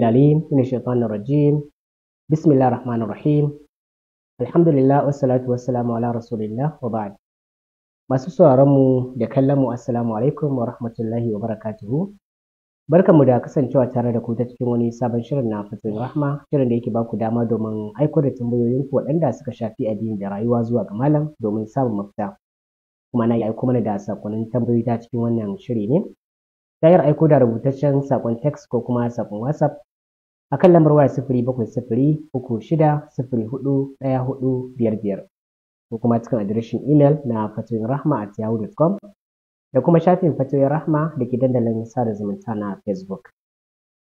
العليم من الشيطان الرجيم بسم الله الرحمن الرحيم الحمد لله والصلاة والسلام على رسول الله وبعد masu assalamu alaikum wa rahmatullahi wa barakatuhu mu da kasancewa tare da ku ta cikin wani sabon shirin na fatin rahma shirin da yake ba ku dama domin aiko da tambayoyin ku waɗanda suka shafi addini da rayuwa zuwa ga malam domin samun mafita kuma na yi aiko mana da sakonnin tambayoyi ta cikin wannan shiri ne ta aiko da rubutaccen sakon text ko kuma sakon whatsapp akan lambar waya sifiri bakwai sifiri uku shida sifiri hudu ɗaya hudu biyar biyar ko kuma cikin adireshin imel na fatoyin rahma at yahoo.com da kuma shafin fatoyin rahma da ke dandalin sada zumunta na facebook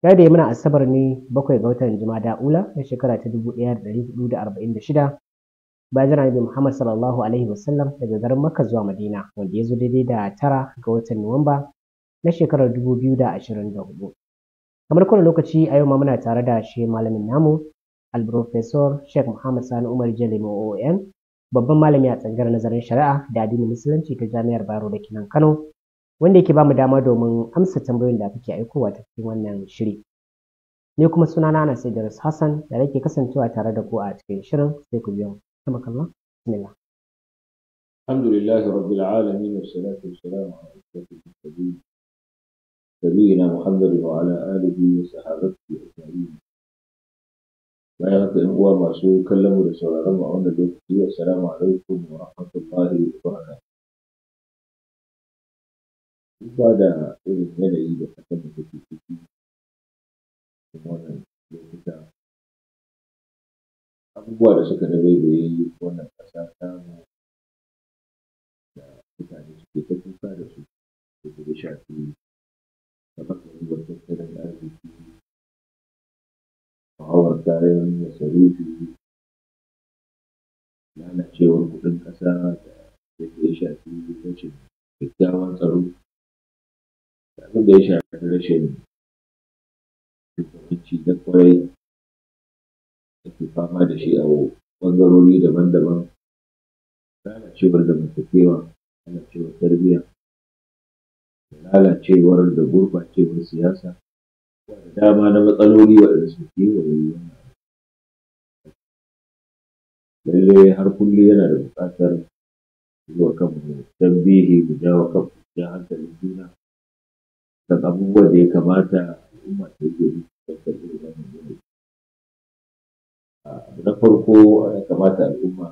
ya da muna asabar ne bakwai ga watan jumada ula na shekara ta dubu ɗaya da dari hudu da arba'in da shida bayan jira nabi muhammad sallallahu alaihi wasallam daga garin maka zuwa madina wanda ya zo daidai da tara ga watan nuwamba na shekarar dubu biyu da ashirin da hudu kamar kowane lokaci a yau ma muna tare da shi malamin namu alprofesor sheikh muhammad sani umar jalimo oom babban malami a tsangar nazarin shari'a da addinin musulunci ta jami'ar bayero da kinan kano wanda yake bamu dama domin amsa tambayoyin da kake aikowa ta cikin wannan shiri ni kuma sunana na sai hassan da nake kasancewa tare da ku a cikin shirin sai ku biyo kuma kallon bismillah alhamdulillahi rabbil alamin wassalatu wassalamu ala ashrafil mursalin نبينا محمد وعلى آله وصحابته أجمعين. ما يغطي هو ما سوء كلموا رسول الله أن السلام عليكم ورحمة الله وبركاته. بعد أن ملئي بحكم الدكتور وأنا أقول abubuwa da suka da bai bai yi wannan kasa ta mu da mutane suke ta kuka da su da shafi taɓarɓarewar tattalin arziki, hauhawar kayan masarufi, lalacewar kuɗin ƙasa da ya shafi rashin kyakkyawan tsaro da abin da ya shafi rashin shugabanci na ƙwarai da ke fama da shi a ɓangarori daban-daban lalacewar zamantakewa lalacewar tarbiyya lalacewar da gurɓacewar siyasa da dama na matsaloli waɗanda su kewaye wannan lallai har kullum yana da buƙatar zuwa kanmu tambihi mu jawo kanmu jan hankalin juna kan abubuwan da ya kamata al'umma ta yi domin wannan na farko ya kamata al'umma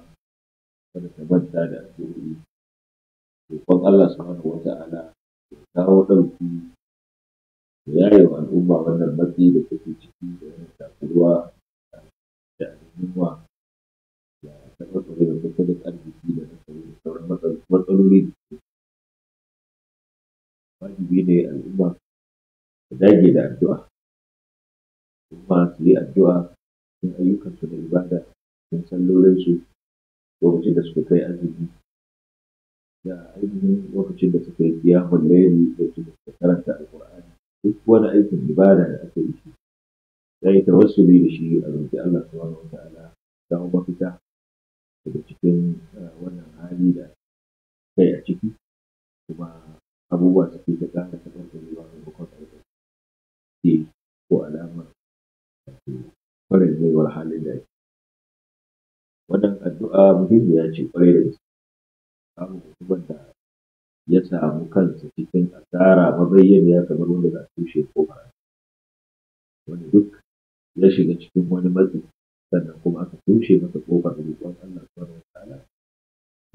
kada ta manta da addu'o'i roƙon Allah subhanahu wata'ala kawo ɗauki da yaye wa al'umma wannan matsi da take ciki da wannan takuruwa da al'umma da da tattalin arziki da sauran matsaloli da suke wajibi ne al'umma su dage da addu'a kuma su yi addu'a cikin ayyukansu na ibada cikin sallolinsu lokacin da suka kai azumi da ainihin lokacin da suka yi biya laili lokacin da suka karanta alqur'ani duk wani aikin ibada da aka yi shi sai tawassuli da shi a roƙi Allah subhanahu wataala samu mafita daga cikin eh, wannan hali da kai a ciki kuma abubuwa suke ta ƙara taɓarɓarewa maimakon aiki ko alamar kwarewar halin da ke. wannan addu'a muhimmiya ce kwarai da gaske samun mutumin da ya samu kansa cikin asara mabayyaniya kamar wanda ba tushe ko ba wanda duk ya shiga cikin wani matsi sannan kuma aka tushe masa kofar roƙon Allah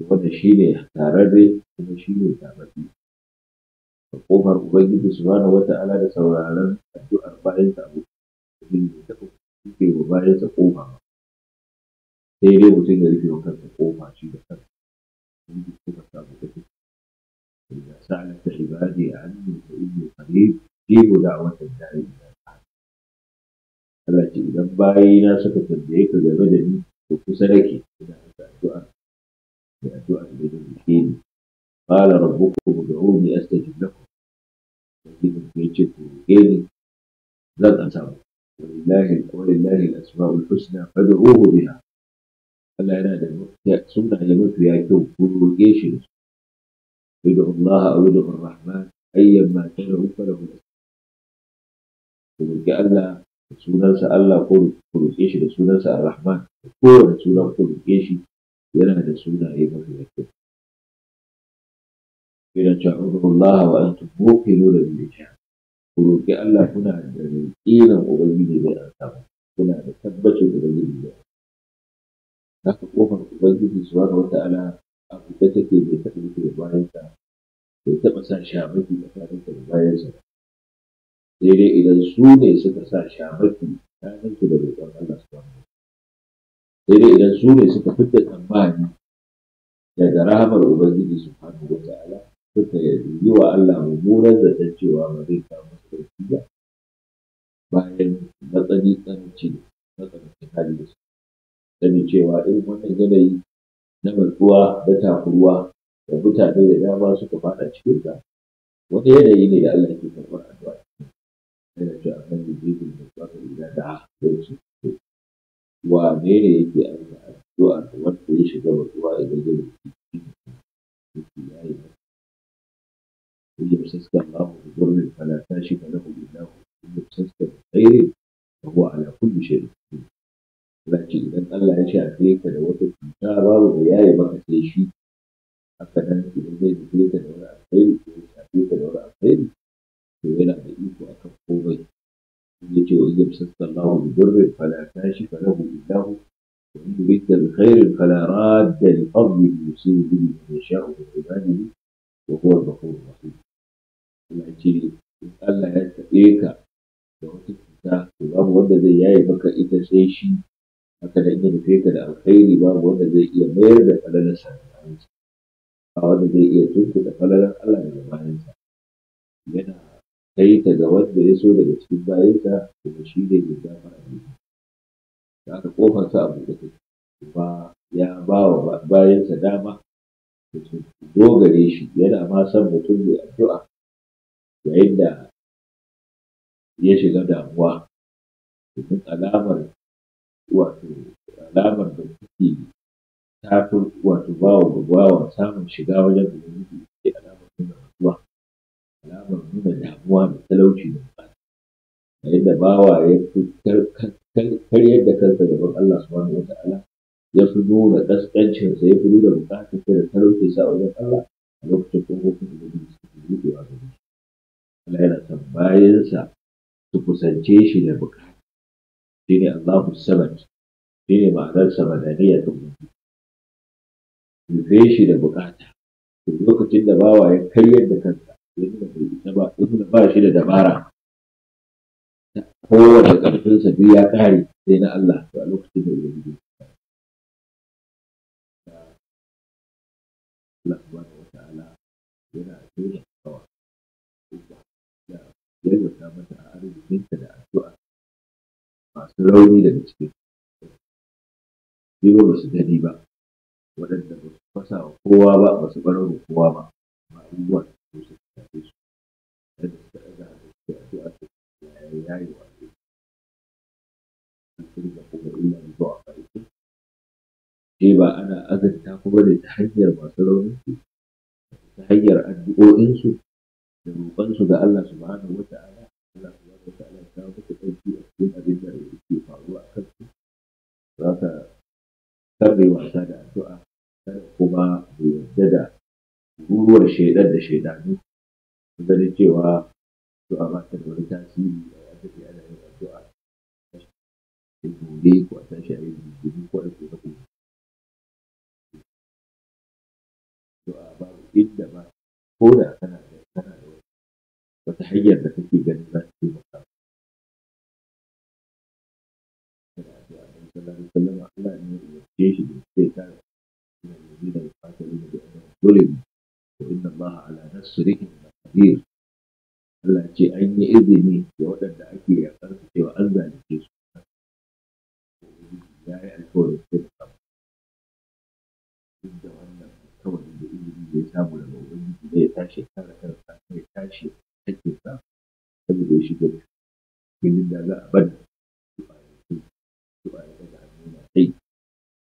subhanahu wataala wanda shi ne tararre kuma shi ne tabbaci da ubangiji subhanahu wataala da sauraron addu'ar bayansa abu ubangiji ya taɓa rufe bayansa ƙofa ba sai dai mutum ya rufe wa kansa ƙofa shi da kansa إذا سألت عبادي عني فإني قريب جيبوا دعوة الداعي إلى الحق. ألا تجد باي ناسك تنبيك لبدني وكسلك إلى الدعاء تأتوا الدعاء تأتوا أن قال ربكم ادعوني أستجب لكم. لكن بيجد من لن أتوا ولله ولله الأسماء الحسنى فادعوه بها. Allah yana da sunna da mafiya kyau ku roƙe shi da su wadda Allah a wadda Rahman ayyan ma ta da uku da hudu ku roƙi Allah da sunansa Allah ko ku roƙe shi da sunansa Ar-Rahman kowane suna ku roƙe shi yana da sunaye mafiya kyau yana cewa Allah wa antum muqinuna bil jannah ku roƙi Allah kuna da yaƙinin ubangiji zai an samu kuna da tabbacin ubangiji zai Haka ƙofar Ubangiji wata wata'ala a buɗe take bai taɓa rufe da bayansa bai taɓa sa shamaki tsakaninka da bayansa ba. Sai dai idan su ne suka sa shamaki tsakaninka da roƙon Allah subhanahu Sai dai idan su ne suka fidda tambani daga rahamar Ubangiji subhanahu wata'ala suka yi wa Allah mummunan zaton cewa ba zai samu sauki ba bayan matsani tsananci matsanancin hali da su. sani cewa irin wannan yanayi na matsuwa da takuruwa da mutane da dama suka faɗa cikin ta wani yanayi ne da Allah ke karɓar addu'a yana a kan da da tsaka da da da su wa ne ne yake aika addu'a da wanda ya shiga matsuwa idan ya rubuta cikin ya yi يمسسك shi بضر na كاشف na إلا هو إن tsaye بخير فهو ala كل شيء zaki idan Allah ya ce a kai ka da wata cuta babu da yayi maka sai shi haka nan idan zai tafi ka da wani alkhairi ko ya shafe ka da wani alkhairi to yana da iko akan komai ya ce wa idan sallallahu bi durrin fala tashi fala hu billahu wa in yurida bi khairin fala radda li fadlihi yusibu bihi man yasha'u min ibadihi wa huwa al-ghafurur rahim Allah ya ce in Allah ya tabe ka da wata cuta to babu wanda zai yaye maka ita sai shi haka da in nufe ka da alkhairi babu wanda zai iya mayar da sa da ba wanda zai iya tuntu da falalar Allah bayan bayansa yana kai ta ga wanda ya so daga cikin bayansa kuma shi ne mai ba ne da aka kofarsa a buɗe take ba ya ba wa bayansa dama mutum dogare shi yana ma son mutum mai addu'a yayin da ya shiga damuwa domin alamar wato alamar da kuke ta fi wato bawa wa samun shiga wajen ubangiji ce alamar nuna mutuwa alamar nuna damuwa da talauci da bukata yayin da bawa ya fi karyar da kansa gaban Allah subhanahu wa ta'ala ya fi nuna ƙasƙancinsa ya fi nuna bukatar da talaucinsa a wajen Allah a lokacin kofofin ubangiji suke buɗewa gare shi Allah yana son bayansa su kusance shi da bukata shi ne Allahu samad shine ne ma'anar samadaniya ta yufe shi da bukata to lokacin da bawa ya karyar da kanta, yadda bai ita ba shi da dabara kowace ƙarfinsa duk ya kare sai na Allah a lokacin da ya yi Allah da wa ta'ala yana da mata a arzikinta da masu rauni daga cikin ba ba su gani ba waɗanda ba su fasa wa kowa ba ba su barar wa kowa ba amma abubuwa da su su tafi su yadda suka ɗaga a da suke a cikin yayi yayi wa cikin kirga kuma illa ne zuwa cikin eh ba ana azanta kuma bane ta hanyar masu rauni ta hanyar addu'o'insu da roƙonsu ga Allah subhanahu wa ta'ala Allah subhanahu wa ta'ala ya kawo musu ɗauki a duk abin da ke faruwa a kansu za ka kar wasa da addu'a Kada kuma mu yarda da ruruwar shaidan da shaidanu ganin cewa addu'a ba ta da wani tasiri a yadda ke ana yin addu'a sai gobe ko a tashi a yi gobe ko a gobe ko addu'a babu inda ba ko da kana da kana da wata hanyar da kake ganin za ta taimaka sallallahu alaihi wasallam Allah ne ya ce shi da zai kare ina ne ne da fata ne da ana zulmi wa inna Allah ala nasrihi qadir Allah ce an yi izini da waɗanda ake ya su cewa an zalunce su ya yi alkawarin sai da samu duk da wannan alkawarin da izini da ya samu daga ubangiji ne ya tashi kare kansa ya tashi hakkinsa saboda ya shiga filin da za a bada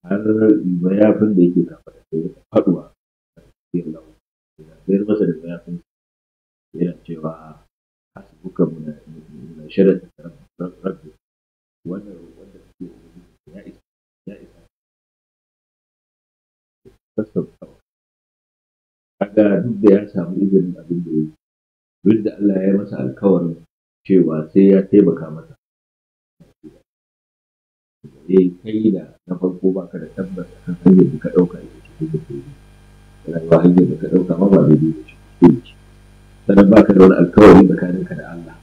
har mayafin da yake kafa da sai faduwa yana sayar masa da mayafin yana cewa hasbuka muna muna shirin rabbi wannan wanda kake ya isa ya isa sassauta kaga duk da ya samu izinin abin da yake duk da Allah ya yi masa alkawarin cewa sai ya taimaka masa eh kai da na farko baka da tabbas kan hanyar da ka ɗauka ita ce ta tafi rayuwa hanyar da ka ɗauka ma ba ba ce baka da wani alkawari tsakaninka da Allah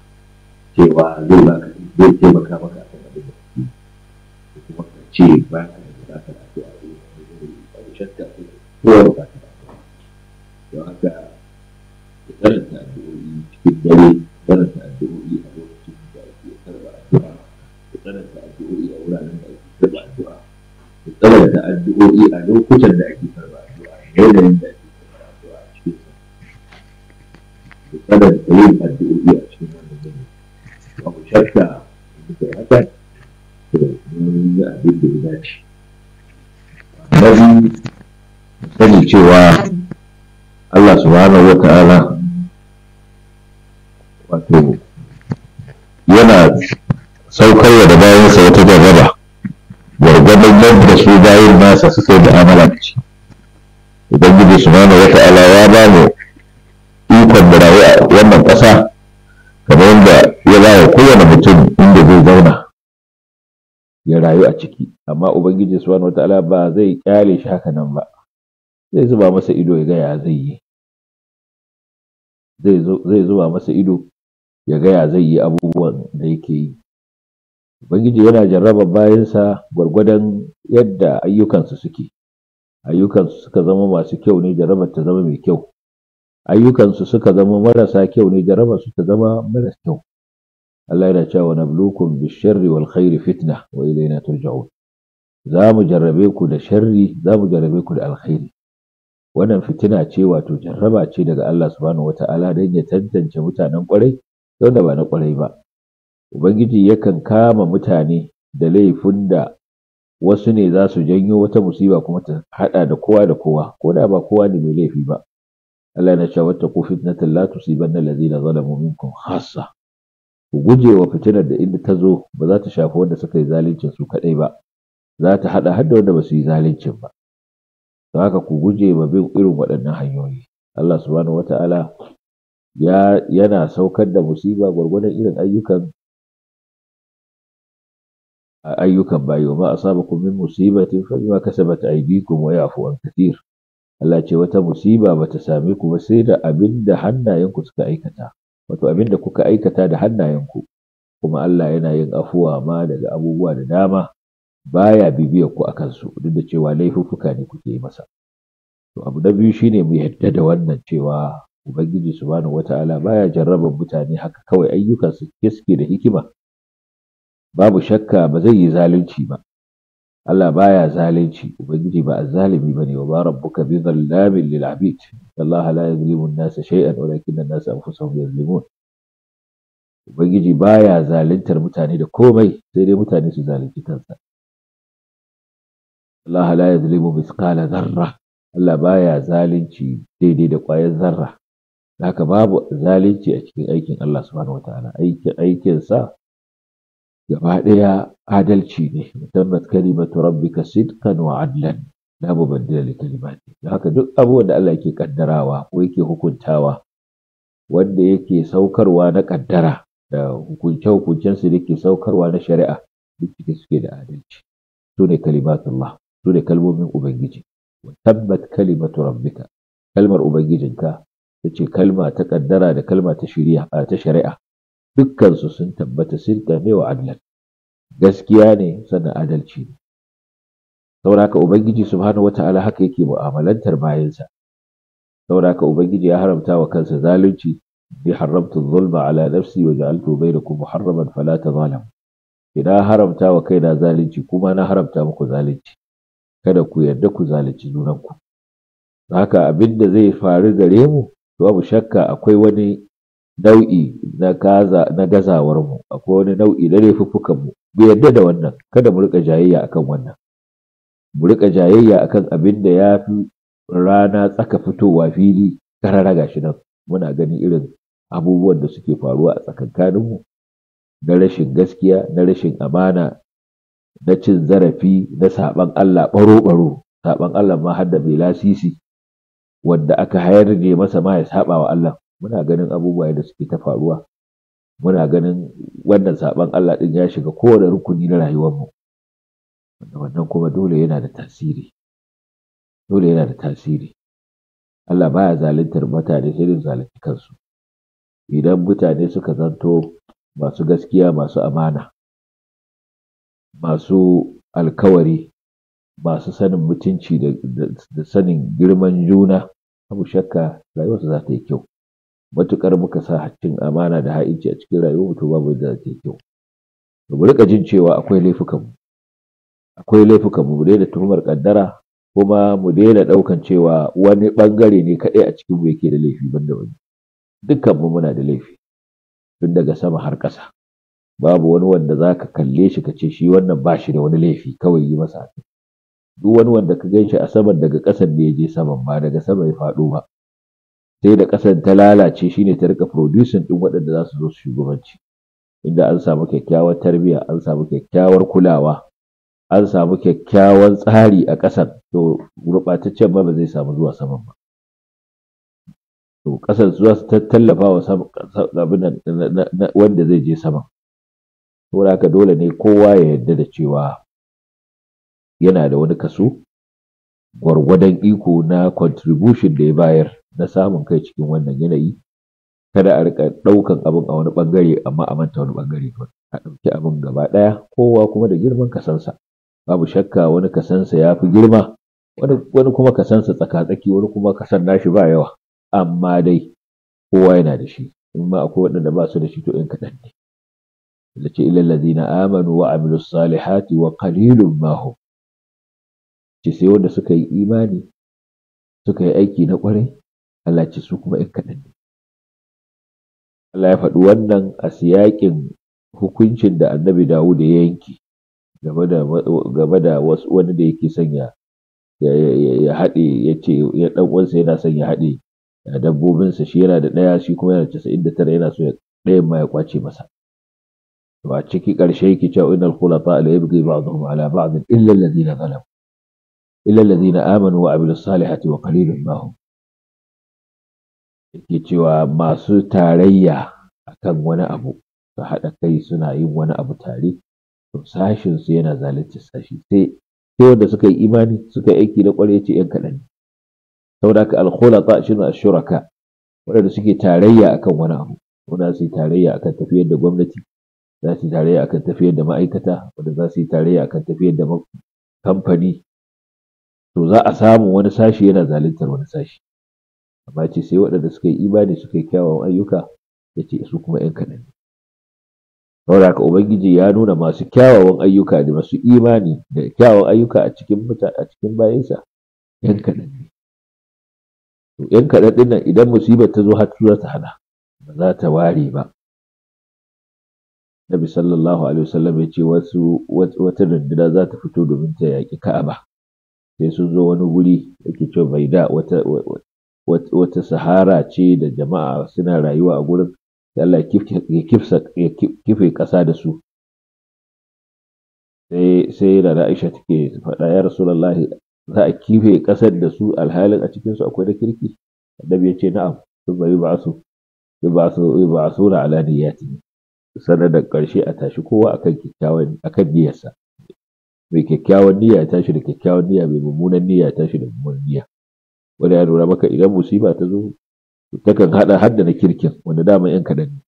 cewa zai baka zai taimaka maka a kan abin da kake kuma ka ce ba ka da za ka lafiya a wani abu shakka ko kowa ba ka lafiya don haka ka karanta addu'o'i cikin dare karanta addu'o'i a lokacin da ake karɓa addu'a ka karanta addu'o'i a wuraren da tsawaita addu'o'i a lokutan da ake karɓa addu'a yanayin da ake karɓa addu'a a cikin sa ku tsawaita yin addu'o'i a cikin wannan yanayi babu shakka da haka to mun yi abin da ya dace na biyu sani cewa Allah subhanahu wa ta'ala wato yana saukar da bayansa wata jarraba gabatar da su bayan nasa suka yi mu'amala da shi ubangiji mana wata alawa ya ba mu ikon da rayu a wannan ƙasa kamar yadda ya ba wa kowane mutum inda zai zauna ya rayu a ciki amma ubangiji wani wata ba zai kyale shi haka nan ba zai zuba masa ido ya gaya zai yi zai zuba masa ido ya gaya zai yi abubuwan da yake yi ubangiji yana jarraba bayansa gwargwadon yadda ayyukansu suke ayyukansu suka zama masu kyau ne jarrabar ta zama mai kyau ayyukansu suka zama marasa kyau ne jarrabar su ta zama maras kyau Allah yana cewa nablukum bisharri wal khairi fitna wa ilayna turja'un za mu jarrabe ku da sharri za mu jarrabe ku da alkhairi wannan fitina ce wato jarraba ce daga Allah subhanahu wata'ala don ya tantance mutanen kwarai da ba na kwarai ba Ubangiji yakan kama mutane da laifin da wasu ne za su janyo wata musiba kuma ta haɗa da kowa da kowa, ko da ba kowa ne mai laifi ba. Allah na cewa wata ko fitnatan la tusibanna allazina zalamu minkum khassa. Ku guje wa fitinar da inda ta zo ba za ta shafi wanda suka yi zaluncin su kaɗai ba, za ta haɗa har da wanda ba su yi zaluncin ba. Don haka ku guje wa bin irin waɗannan hanyoyi. Allah subhanahu wata'ala ya yana saukar da musiba gwargwadon irin ayyukan ayyukan bayi ma asabakum min musibatin fa bima kasabat aydikum wa yafu an kathir Allah ce wata musiba bata same ku ba sai da abinda hannayenku suka aikata wato abinda kuka aikata da hannayenku kuma Allah yana yin afuwa ma daga abubuwa da dama baya bibiya ku akan su duk da cewa laifuffuka ne kuke yi masa to abu na biyu shine mu yadda da wannan cewa ubangiji subhanahu wata'ala baya jarrabar mutane haka kawai ayyukansu su suke da hikima babu shakka ba zai yi zalunci ba Allah baya zalunci ubangiji ba azzalimi bane wa ba rabbuka bi dhallamin lil abid Allah la yuzlimu an-nasa shay'an walakin an-nasa anfusahum yuzlimun ubangiji baya zaluntar mutane da komai sai dai mutane su zalunci kansa Allah la yuzlimu mithqala dharra Allah baya zalunci daidai da kwayar zarra haka babu zalunci a cikin aikin Allah subhanahu wataala aikin sa gaba ɗaya adalci ne Musamman kalimatu rabbika sidqan wa adlan la mubaddila li kalimati haka duk abubuwan da Allah yake kaddarawa ko yake hukuntawa wanda yake saukarwa na kaddara da hukunce hukuncen su yake saukarwa na shari'a duk suke da adalci su ne kalimatullah su ne kalmomin ubangiji tabbat kalimatu rabbika kalmar ubangijinka ta ce kalma ta kaddara da kalma ta shari'a ta shari'a dukkansu sun tabbata sun ne wa adlan gaskiya ne sannan adalci ne sauraka ubangiji subhanahu wata'ala haka yake mu'amalantar bayansa sauraka ubangiji ya haramta wa kansa zalunci bi haramtu zulma ala nafsi wa ja'altu bainakum muharraman fala tazalamu idan haramta wa kaina zalunci kuma na haramta muku zalunci kada ku yarda ku zalunci junanku haka abin da zai faru gare mu babu shakka akwai wani nau'i na gazawar mu akwai wani nau'i na laifuffukan mu bai yadda da wannan kada mu rika jayayya akan wannan mu rika jayayya akan abin da ya fi rana tsaka fitowa fili karara gashi nan muna gani irin abubuwan da suke faruwa a tsakankanin mu na rashin gaskiya na rashin amana na cin zarafi na saban Allah baro baro saban Allah ma har da bai lasisi wanda aka hayar ne masa ma ya saba wa Allah muna ganin abubuwa da suke ta faruwa muna ganin wannan saban Allah din ya shiga kowane rukuni na rayuwarmu wannan kuma dole yana da tasiri dole yana da tasiri Allah baya zaluntar mutane sai da kansu idan mutane suka zanto masu gaskiya masu amana masu alkawari masu sanin mutunci da sanin girman juna abu shakka rayuwarsu za ta yi kyau matukar muka sa hakkin amana da ha'inci a cikin rayuwar to babu da ta kyau mu rika jin cewa akwai laifukan mu akwai laifukan mu daina tuhumar kaddara kuma mu daina ɗaukan cewa wani bangare ne kaɗai a cikin mu yake da laifi banda wani dukkan mu muna da laifi tun daga sama har ƙasa babu wani wanda zaka kalle shi ka ce shi wannan ba shi da wani laifi kawai yi masa duk wani wanda ka gan shi a saman daga ƙasan ne ya je saman ba daga sama ya faɗo ba sai da ƙasar ta lalace shine ta rika producing ɗin waɗanda za su zo su shugabanci inda an samu kyakkyawar tarbiyya an samu kyakkyawar kulawa an samu kyakkyawan tsari a ƙasar to gurɓataccen ma ba zai samu zuwa saman ba to ƙasar zuwa su tallafa wa abin wanda zai je saman saboda haka dole ne kowa ya yarda da cewa yana da wani kaso gwargwadon iko na contribution da ya bayar na samun kai cikin wannan yanayi kada a rika ɗaukan abin a wani bangare amma a manta wani ɓangare a ɗauki abin gaba ɗaya kowa kuma da girman kasansa babu shakka wani kasansa ya fi girma wani kuma kasansa tsaka-tsaki wani kuma kasan nashi ba yawa amma dai kowa yana da shi in ma akwai waɗanda ba su da shi to in kaɗan ne. Lace ilal ladina amanu wa amilus salihati wa qalilun ma ce sai wanda suka yi imani suka yi aiki na ƙwarai Allah ce su kuma ‘yan kaɗan Allah ya faɗi wannan a siyaƙin hukuncin da annabi Dawud ya yanke game da wani da yake sanya ya haɗe ya ce ya ɗan uwansa yana son ya haɗe da dabbobinsa shi yana da ɗaya shi kuma yana casa'in da tara yana so ɗayan ma ya kwace masa. To a ciki ƙarshe yake cewa inal khulafa la ba ba'dhum ala ba'd illa alladhina zalamu إلا الذين amanu wa الصالحات salihati wa هم yake cewa masu tarayya akan wani abu su haɗa kai suna yin wani abu tare to sashin su yana zalunci sashi sai sai wanda suka yi imani suka yi aiki da kwarai ce yan kaɗan saboda haka ta shi na shuraka waɗanda suke tarayya akan wani abu wanda su yi tarayya akan tafiyar da gwamnati za su yi tarayya akan tafiyar da ma'aikata wanda za su yi tarayya akan tafiyar da kamfani to za a samu wani sashi yana zaluntar wani sashi amma ce sai waɗanda suka yi imani suka yi kyawawan ayyuka ya ce su kuma ‘yan kaɗan saboda haka ubangiji ya nuna masu kyawawan ayyuka da masu imani da kyawawan ayyuka a cikin a cikin bayansa ‘yan kaɗan ne to ‘yan kaɗan ɗin nan idan musibar ta zo har su ta hana ba za ta ware ba Nabi sallallahu alaihi wasallam ya ce wasu wata runduna za ta fito domin ta yaƙi Ka'aba sai sun zo wani guri ke cewa mai da wata sahara ce da jama'a suna rayuwa a gurin da Allah ya kife ƙasa da su sai da Aisha take faɗa ya Rasulullahi za a kife ƙasar da su alhalin a cikinsu akwai da kirki annabi ya ce na'am sun bai ba su ba su ba su na alaniyati sanar da ƙarshe a tashi kowa akan kyakkyawan akan biyarsa mai kyakkyawan niyya ya tashi da kyakkyawan niyya mai mummunan niyya ya tashi da mummunan niyya wanda ya nuna maka idan musiba ta zo takan hada har da na kirkin wanda dama yan kaɗan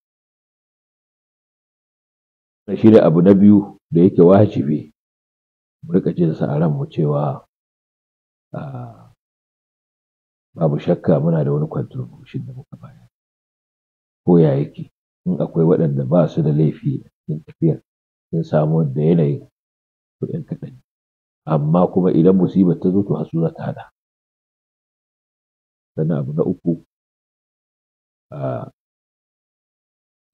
ne shi ne abu na biyu da yake wajibi mu rika jin sa a ran mu cewa babu shakka muna da wani contribution da muka bayar ko ya yake in akwai waɗanda ba su da laifi a cikin tafiyar sun samu da yanayin to ‘yan amma kuma idan musiba ta zo to hasu za ta sannan abu na uku a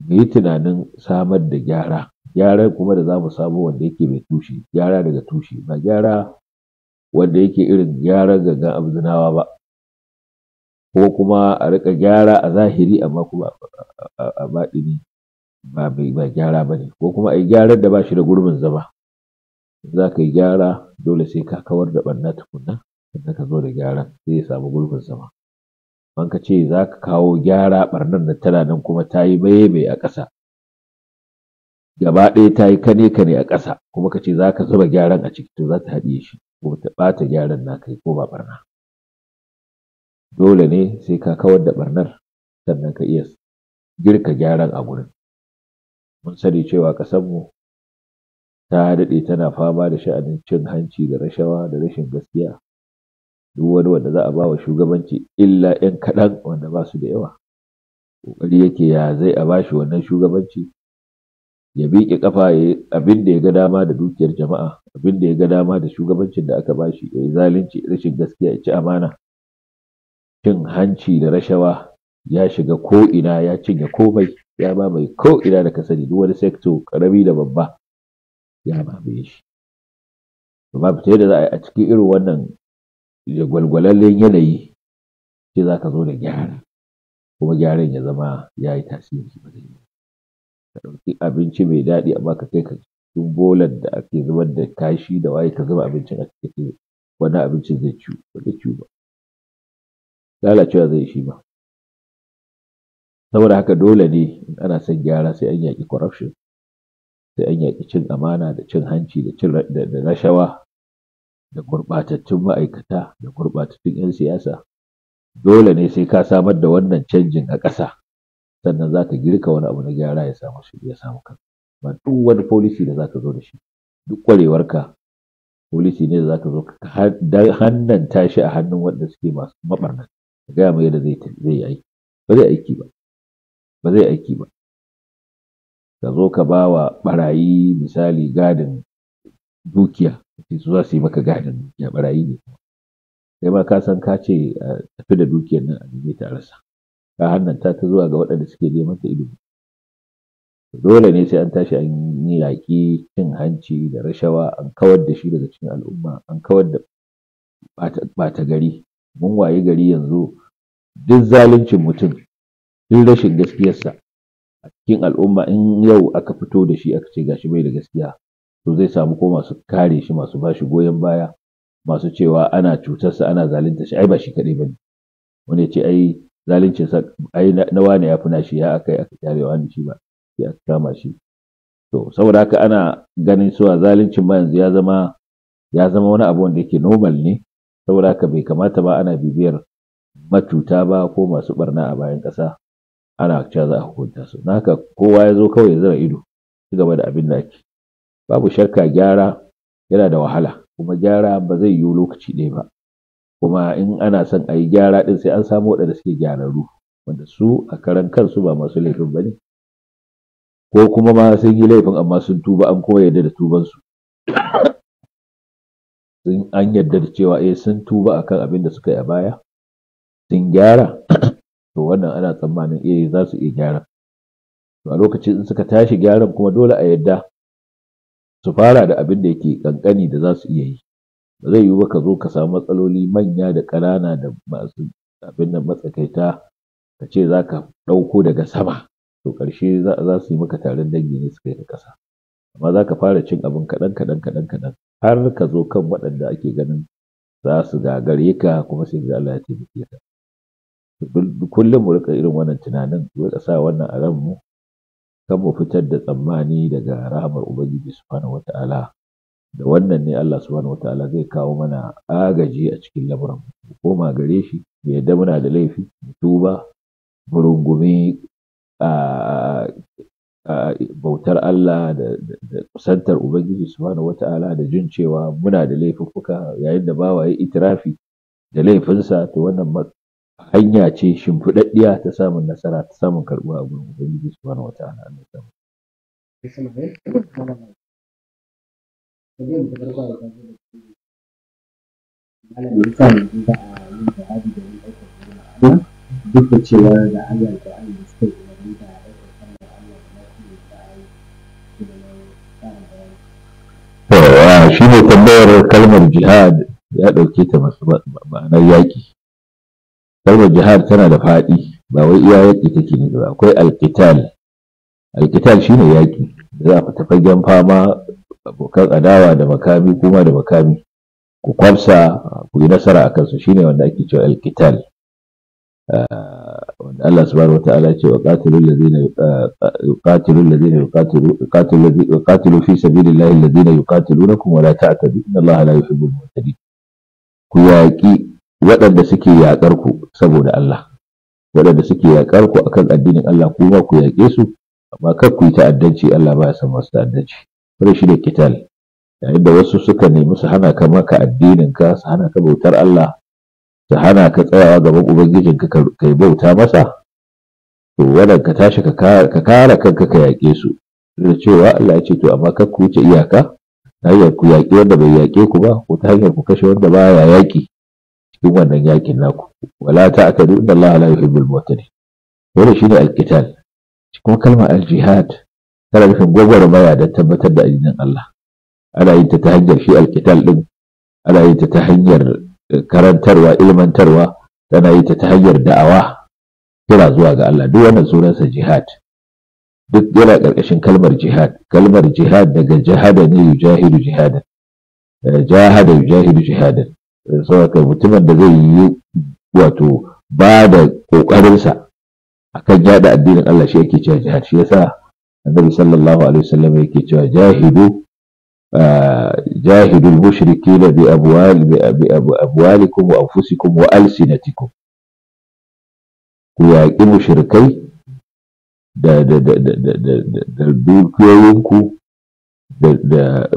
yi tunanin samar da gyara gyara kuma da zamu mu samu wanda yake mai tushe gyara daga tushe ba gyara wanda yake irin gyaran gangan zinawa ba ko kuma a rika gyara a zahiri amma kuma a baɗini ba ba gyara ba ne ko kuma a yi gyaran da ba shi da gurbin zama za ka yi gyara dole sai ka kawar da ɓanna tukunna sannan ka zo da gyaran sai ya samu gurbin sama. an ka ce za ka kawo gyara ɓarnar da tana nan kuma ta yi maimai a ƙasa gaba ɗaya ta yi kane kane a ƙasa kuma ka ce za ka zuba gyaran a ciki to za ta haɗiye shi ko ta ɓata gyaran na kai ko ba ɓarna. Dole ne sai ka kawar da ɓarnar sannan ka iya girka gyaran a gurin. Mun sani cewa ƙasarmu ta daɗe tana fama da sha'anin cin hanci da rashawa da rashin gaskiya duk wani wanda za a ba wa shugabanci illa 'yan kaɗan wanda ba su da yawa ƙoƙari yake ya zai a bashi wannan shugabanci ya biƙi ƙafa ya abin da ya ga dama da dukiyar jama'a abin da ya ga dama da shugabancin da aka bashi ya yi zalunci rashin gaskiya ya ci amana cin hanci da rashawa ya shiga ko ina ya cinye komai ya mamaye ko ina da ka sani duk wani sekto ƙarami da babba ya mamaye shi amma fita da za a yi a cikin irin wannan gwalgwalallen yanayi sai za ka zo da gyara kuma gyaran ya zama ya yi tasiri ka ɗauki abinci mai daɗi amma ka kai ka cikin bolan da ake zubar da kashi da waye ka zuba abincin a cikin wannan abincin zai ciwo ba zai ciwo ba lalacewa zai shi ba saboda haka dole ne in ana son gyara sai an yaƙi corruption sai an yaƙi cin amana da cin hanci da cin da rashawa da gurɓatattun ma'aikata da gurɓatattun 'yan siyasa dole ne sai ka samar da wannan canjin a ƙasa sannan za ka girka wani abu na gyara ya samu shi ya samu kan ba duk wani policy da za ka zo da shi duk ƙwarewarka policy ne da za ka zo ka hannun tashi a hannun wanda suke masu maɓarnan ka gaya mai yadda zai yi aiki ba zai aiki ba ba zai aiki ba ka zo ka ba wa barayi misali gadin dukiya su za su yi maka gadin dukiya, barayi ne sai ma ka san ka ce a tafi da dukiyar nan a nemi ta rasa ka hannanta ta zuwa ga waɗanda suke neman ta ilimi dole ne sai an tashi an yi yaƙi cin hanci da rashawa an kawar da shi daga cikin al'umma an kawar da ɓata gari mun wayi gari yanzu duk zaluncin mutum duk rashin gaskiyarsa cikin al'umma in yau aka fito da shi aka ce gashi bai da gaskiya to zai samu ko masu kare shi masu bashi goyon baya masu cewa ana cutarsa ana zalunta shi ai ba shi kaɗai bane wani ce ai zalincin sa ai na wane ya fi shi, ya aka yi aka kyale wani shi ba ya aka kama shi to saboda haka ana ganin cewa zaluncin ma yanzu ya zama ya zama wani abu wanda yake normal ne saboda haka bai kamata ba ana bibiyar matuta ba ko masu barna a bayan ƙasa ana cewa za a hukunta su na haka kowa ya zo kawai zira ido ci gaba da abin da ake babu shakka gyara yana da wahala kuma gyara ba zai yiwu lokaci ɗaya ba kuma in ana son a yi gyara ɗin sai an samu waɗanda suke gyararru wanda su a karan kansu ba masu laifin ba ne ko kuma ma sun yi laifin amma sun tuba an kuma yarda da tubansu an yarda da cewa eh sun tuba akan abin da suka yi a baya sun gyara to wannan ana tsammanin iyaye za su iya gyara to a lokacin in suka tashi gyaran kuma dole a yadda su fara da abin da yake kankani da za su iya yi ba zai yiwu ba ka zo ka samu matsaloli manya da ƙanana da masu abin da matsakaita ka ce za ka ɗauko daga sama to ƙarshe za su yi maka tarin dangi ne su kai ka ƙasa amma za ka fara cin abin kaɗan kaɗan kaɗan kaɗan har ka zo kan waɗanda ake ganin za su gagare ka kuma sai da Allah ya taimake ka kullum mu rika irin wannan tunanin mu rika sa wannan a ran mu kan mu fitar da tsammani daga rahamar ubangiji subhanahu wata'ala da wannan ne Allah subhanahu wata'ala zai kawo mana agaji a cikin lamuran mu koma gare shi mu yadda muna da laifi mu tuba mu rungumi a bautar Allah da kusantar ubangiji subhanahu wata'ala da jin cewa muna da laifuffuka yayin da bawa ya itirafi da laifinsa to wannan hanya ce shimfiɗaɗɗiya ta samun nasara ta samun karɓuwa a gurin ubangiji subhanahu wa ta'ala Allah ya samu duk da cewa da hanyar da an yi suka yi wani shi ne tambayar kalmar jihad ya ɗauke ta masu ma'anar yaƙi kalmar Jihar tana da faɗi ba wai iya yaƙi take ne ba akwai alƙital alƙital shine yaƙi da za ku tafagen fama abokan adawa da makami kuma da makami ku kwamsa ku yi nasara a kansu shine wanda ake cewa alƙital ah, wanda Allah subhanahu wa ta'ala ce wa qatilul ladina yuqatilul ah, ladina yuqatilu fi sabilillahi alladina yuqatilunakum wa la ta'tadu inna Allah la yuhibbul mu'tadin ku yaƙi waɗanda suke yaƙar ku saboda Allah waɗanda suke yaƙar ku akan addinin Allah kuma ku yaƙe su amma kar ku yi ta'addanci Allah ba ya san masu ta'addanci wannan ne kital yayin da wasu suka nemi su hana ka maka addinin ka su hana ka bautar Allah su hana ka tsayawa gaban ubangijin ka kai bauta masa to wannan ka tashi ka kara kanka ka yaƙe su da cewa Allah ya ce to amma kar ku wuce iyaka ta hanyar ku yaƙi wanda bai yaƙe ku ba ko ta hanyar ku kashe wanda baya ya yaƙi cikin wannan yakin naku wala ta'tadu inna Allah la yuhibbul mu'tadin wannan shine al-qital cikin kalmar al-jihad tana nufin gwagwarmaya da tabbatar da addinin Allah ana yin ta ta hanyar shi al-qital din ana yin ta ta hanyar eh, karantarwa ilmantarwa tana yin ta ta hanyar da'awa kira zuwa ga Allah duk wannan sunansa jihad duk yana ƙarƙashin kalmar jihad kalmar jihad daga jihada ne yujahidu jihadan eh, jahada yujahidu jihadan saboda mutumin da zai yi wato ba da ƙoƙarinsa akan yada addinin Allah shi yake cewa jihar shi yasa annabi sallallahu alaihi wasallam yake cewa jahidu jahidul mushrikina bi abwal bi abwalikum wa anfusikum wa alsinatikum ku yaƙi mushrikai da da da da da da da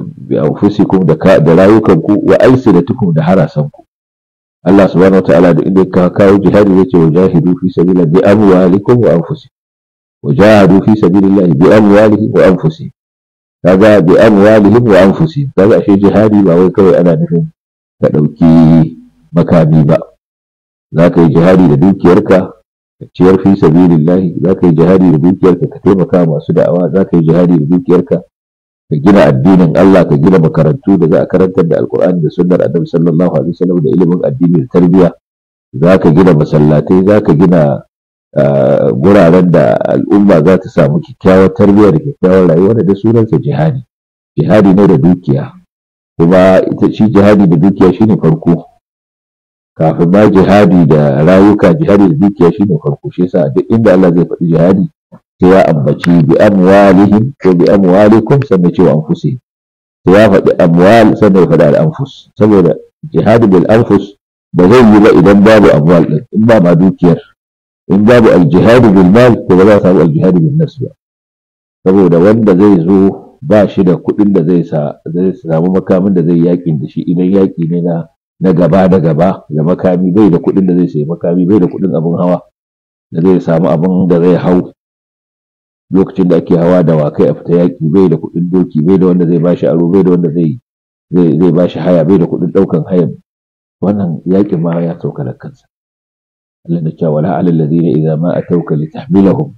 anfusikum da rayukanku wa alsinatukum da harasanku Allah subhanahu wa ta'ala da inda ka kawo jihadi yace wajahidu fi sabilillah bi amwalikum wa anfusikum wajahadu fi sabilillah bi amwalihim wa anfusihim kaga bi amwalihim wa anfusihim kaga ashe jihadi ba wai kawai ana nufin ka dauki makami ba za ka yi jihadi da dukiyarka ka ciyar fi sabilillah za ka yi jihadi da dukiyarka ka taimaka masu da'awa za ka yi jihadi da dukiyarka ka gina addinin Allah ka gina makarantu da za a karantar da alkur'ani da sunnar annabi sallallahu alaihi wasallam da ilimin addini da tarbiyya za ka gina masallatai za ka gina guraren da al'umma za ta samu kyakkyawar tarbiyya da kyakkyawar rayuwa da sunansa jihadi jihadi ne da dukiya kuma ita shi jihadi da dukiya shine farko kafin ma jihadi da rayuka jihadi da dukiya shine farko shi yasa duk inda Allah zai faɗi jihadi sai ya ambaci bi amwalihim ko bi amwalikum sannan ce wa anfusihim sai ya faɗi amwal sannan ya faɗi al'anfus saboda jihadu bil anfus ba zai yi ba idan babu amwal din in ba ma dukiyar in babu aljihadu bil mal to ba za a samu aljihadu bil nafs ba saboda wanda zai zo ba shi da kuɗin da zai samu makamin da zai yaƙin da shi idan yaƙi ne na na gaba da gaba da makami bai da kuɗin da zai sayi makami bai da kuɗin abin hawa da zai samu abin da zai hau lokacin da ake hawa da wakai a fita yaƙi bai da kuɗin doki bai da wanda zai bashi aro bai da wanda zai zai shi haya bai da kuɗin ɗaukan haya wannan yaƙin ma ya sauka da kansa Allah da cewa la alal ladina idza ma atawka litahmilahum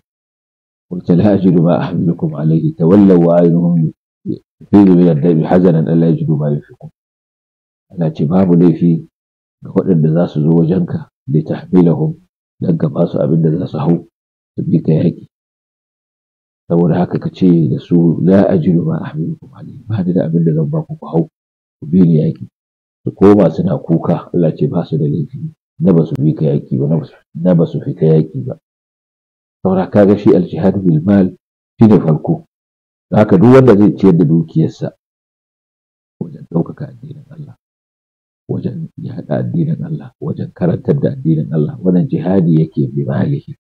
قلت لا أجد ما أحملكم عليه تولوا وعينهم يفيض من الدم حزنا ألا يجدوا ما ينفقون أنا تباب لي في قد الناس زوجنك لتحملهم لنك بأس أبن الناس هو تبيك يهكي saboda haka ka ce da su la ajiru ma ahmilukum alayhi ba da abin da zan ba ku ku hau ku bi ni yaki su koma suna kuka Allah ce ba su da laifi na ba su bi ka yaki ba na ba su fita yaƙi ba saboda ga shi aljihad bil mal shi ne farko haka duk wanda zai ciyar da dukiyarsa wajen ɗaukaka addinin Allah wajen yaɗa addinin Allah wajen karantar da addinin Allah wannan jihadi yake bi malihi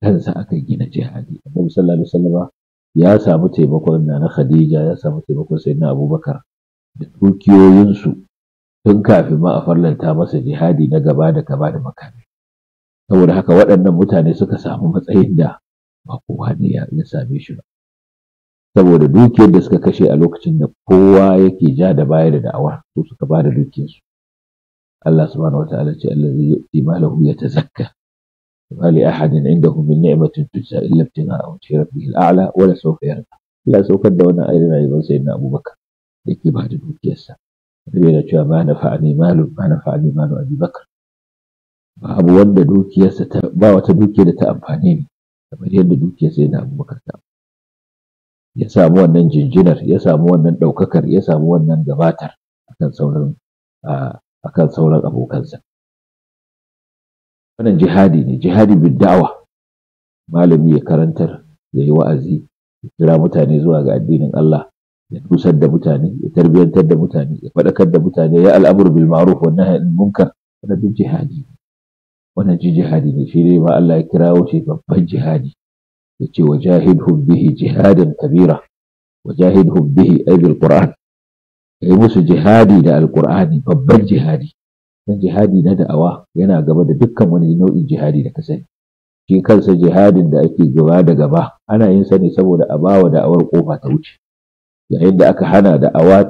kansa aka gina jihadi annabi sallallahu alaihi wasallam ya samu taimakon na na khadija ya samu taimakon na abubakar da su tun kafin ma a farlanta masa jihadi na gaba da gaba da makami saboda haka waɗannan mutane suka samu matsayin da ba kowa ne ya same shi ba saboda dukiyar da suka kashe a lokacin da kowa yake ja da baya da da'awa su suka ba da dukiyarsu Allah subhanahu ta'ala ce zai yi malahu zakka. ما لأحد inda من نعمة تجزى إلا ابتغاء وجه ربه الأعلى ولا سوف يرضى لا سوف دونا أيضا أيضا سيدنا أبو بكر لكي بعد دوكيسا النبي yana cewa ma nafa'ani malu ma nafa'ani malu Abi Bakar ba abu wanda dukiyarsa ta ba wata dukiyar da ta amfane ne. kamar yadda dukiyar sai na Abu Bakar ta ya samu wannan jinjinar ya samu wannan daukakar ya samu wannan gabatar akan sauran akan sauran abokansa wannan jihadi ne jihadi bid'awa malami ya karantar ya yi wa'azi ya kira mutane zuwa ga addinin Allah ya dusar da mutane ya tarbiyantar da mutane ya faɗakar da mutane ya al'amur bil ma'ruf wa nahy anil munkar wannan duk jihadi wannan ji jihadi ne shi ne ma Allah ya kira shi babban jihadi ya ce wajahidhum bihi jihadan kabira wajahidhum bihi ay bil qur'an yi musu jihadi da alqur'ani babban jihadi don jihadi na da'awa yana gaba da dukkan wani nau'in jihadi da ka sani shi kansa jihadin da ake gaba da gaba ana yin sa ne saboda a bawa da'awar kofa ta wuce yayin da aka hana da'awa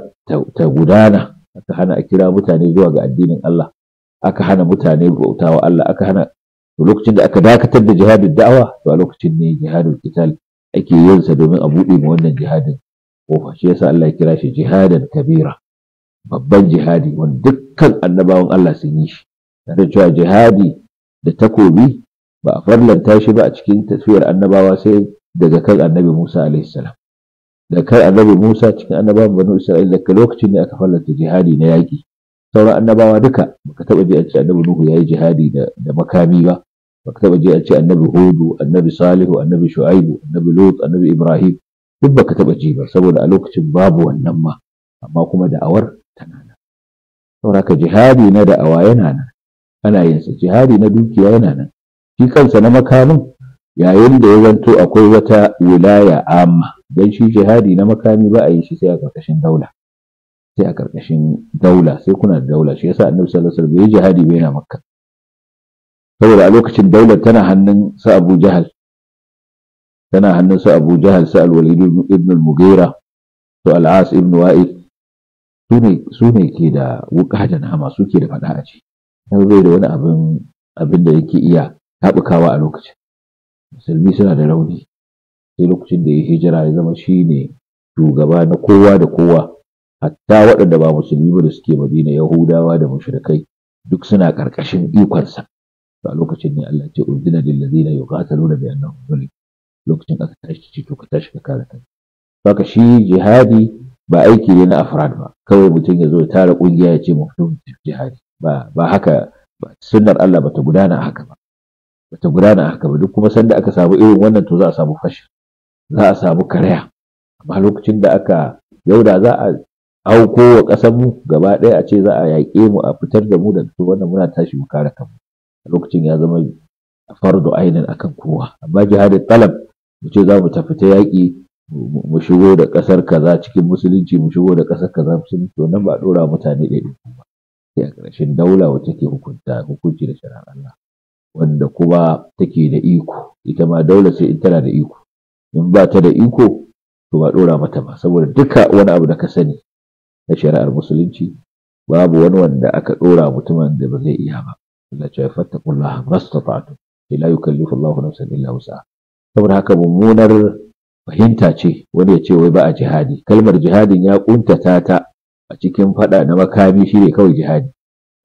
ta gudana aka hana a kira mutane zuwa ga addinin Allah aka hana mutane bautawa Allah aka hana lokacin da aka dakatar da jihadin da'awa to a lokacin ne jihadin qital ake yin sa domin a buɗe ma wannan jihadin kofa shi yasa Allah ya kira shi jihadan kabira babban jihadi wanda dukkan annabawan Allah sun yi shi da cewa jihadi da takobi ba a farlanta shi ba a cikin tafiyar annabawa sai daga kan annabi Musa alaihi salam da kan annabi Musa cikin annabawan banu Isra'il daga lokacin ne aka farlanta jihadi na yaki. sauran annabawa duka baka taba ji a ce annabi Nuhu yayi jihadi da da makami ba baka taba ji a ce annabi Hudu annabi Salihu annabi Shu'aibu annabi Lut annabi Ibrahim duk baka taba ji ba saboda a lokacin babu wannan ma amma kuma da'awar tana nan sauraka jihadi na da'awa yana nan ana yin sa jihadi na dukiya yana nan shi kansa na makamin yayin da ya zanto akwai wata wilaya amma don shi jihadi na makami ba a yi shi sai a karkashin daula sai a karkashin daula sai kuna da daula shi yasa annabi sallallahu alaihi wasallam bai jihadi bai na makka saboda a lokacin daular tana hannun su abu jahal tana hannun su abu jahal al walid ibn al-mughira su al-as ibn Wa'id. su ne ke da wuka da nama su ke da faɗa a ci yan bai da wani abin abin da yake iya taɓukawa a lokacin musulmi suna da rauni sai lokacin da ya hijira ya zama shi ne shugaba na kowa da kowa hatta waɗanda ba musulmi ba da suke madina yahudawa da mushrikai duk suna ƙarƙashin ikonsa a lokacin ne Allah ce udina lil ladina yuqataluna bi annahum zulim lokacin aka tashi ce to ka tashi ka kare Ba ka shi jihadi ba aiki ne na afrad ba kawai mutum ya zo ya tara kungiya ya ce mu fito jihadi ba ba haka sunnar Allah bata gudana haka ba bata gudana haka ba duk kuma sanda aka samu irin wannan to za a samu fashi za a samu kariya. amma lokacin da aka yauda za a auko wa ƙasar mu gaba ɗaya a ce za a yaƙe mu a fitar da mu daga wannan muna tashi mu kare kanmu a lokacin ya zama fardu ainin akan kowa amma jihadin talab mu ce za mu tafi ta yaƙi mu shigo da kasar kaza cikin musulunci mu shigo da kasar kaza musulunci to ba a ɗora mutane ɗaya ba sai a ƙarshen daula wacce ke hukunta hukunci da shari'ar Allah wanda kuma take da iko ita ma daula sai in tana da iko in ba ta da iko to ba ɗora mata ba saboda duka wani abu da ka sani na shari'ar musulunci babu wani wanda aka ɗora mutumin da ba zai iya ba Allah ya fattaqullaha mastata ila yukallifu Allahu nafsan illa wusa saboda haka mummunar fahimta ce wani ya ce wai ba a jihadi kalmar jihadin ya kuntata ta a cikin fada na makami shi ne kawai jihadi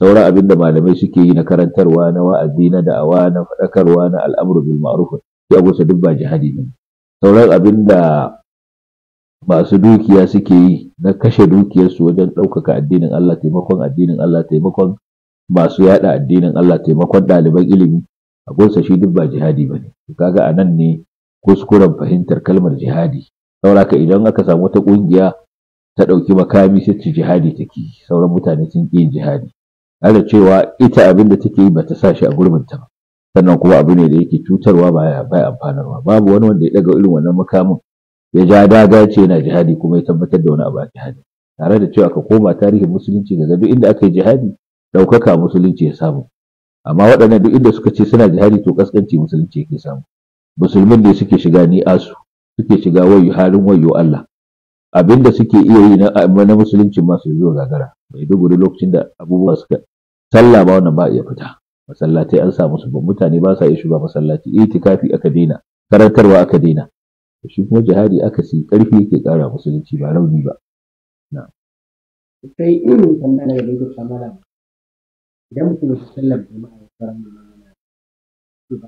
sauran abin da malamai suke yi na karantarwa na wa'azi na da'awa na fadakarwa na al'amru bil ma'ruf ya gusa duk ba jihadi ne sauran abin da masu dukiya suke yi na kashe dukiyarsu wajen ɗaukaka addinin Allah taimakon addinin Allah taimakon masu yada addinin Allah taimakon ɗaliban ilimi a gusa shi duk ba jihadi ba ne kaga a nan ne kuskuren fahimtar kalmar jihadi saboda idan aka samu wata ƙungiya ta ɗauki makami sai ci jihadi take sauran mutane sun ƙi jihadi ala cewa ita abin da take yi bata sa shi a gurbin ta sannan kuma abu ne da yake cutarwa ba bai amfanarwa babu wani wanda ya daga irin wannan makamin ya ja daga ce yana jihadi kuma ya tabbatar da wani abu a jihadi tare da cewa ka koma tarihin musulunci daga duk inda aka yi jihadi ɗaukaka musulunci ya samu amma waɗannan duk inda suka ce suna jihadi to kaskanci musulunci yake samu musulmin ne suke shiga ni'asu suke shiga wayo halin wayo Allah abinda suke iya yi na musulunci masu zuwa gagara mai da lokacin da abubuwa suka sallah ba wannan ba iya fita masallatai an sa musu mutane ba sa iya shiga masallaci itikafi aka daina karantarwa aka daina shi kuma jihadi aka si karfi yake kara musulunci ba rauni ba na sai irin wannan da yake samara idan mutum sallar jama'a ya ba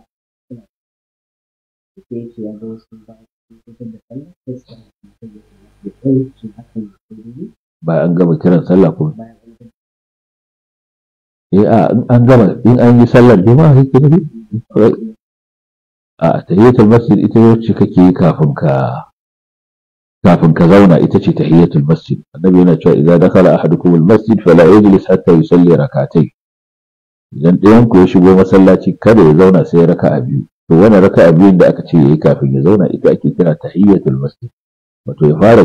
da yake ya ga wasu bayan sun da sallah sai su bayan an gama kiran sallah kuma eh a an gama in an yi sallar juma'a yake nabi a tahiyatul masjid ita wacce kake yi kafin ka kafin ka zauna ita ce tahiyatul masjid annabi yana cewa idan dakala ahadukum al masjid fala yajlis hatta yusalli rak'atayn idan ɗayan ku ya shigo masallaci kada ya zauna sai raka'a biyu to wannan raka'a biyun da aka ce yayi kafin ya zauna ita ake kira tahiyyatul masjid wato ya fara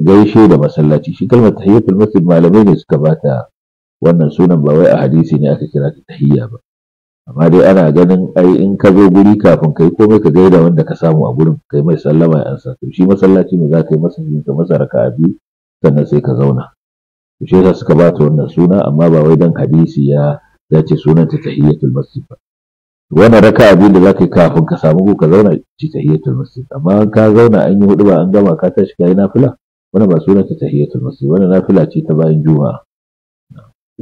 gaishe da masallaci shi kalmar tahiyatul masjid malamai ne suka bata wannan sunan ba wai a hadisi ne aka kira ta tahiyya ba amma dai ana ganin ai in ka zo guri kafin kai komai ka gaida wanda ka samu a gurin kai mai sallama ya ansa to shi masallaci ne za ka yi masa ka masa raka'a biyu sannan sai ka zauna to shi yasa suka bata wannan suna amma ba wai dan hadisi ya dace ce sunan ta tahiyyatul masjid ba wannan raka abin da za ka yi kafin ka samu ko ka zauna ci tahiyatul masjid amma an ka zauna an yi hudu ba an gama ka tashi yi nafila wannan ba sunan ta tahiyatul masjid wannan nafila ce ta bayan juma'a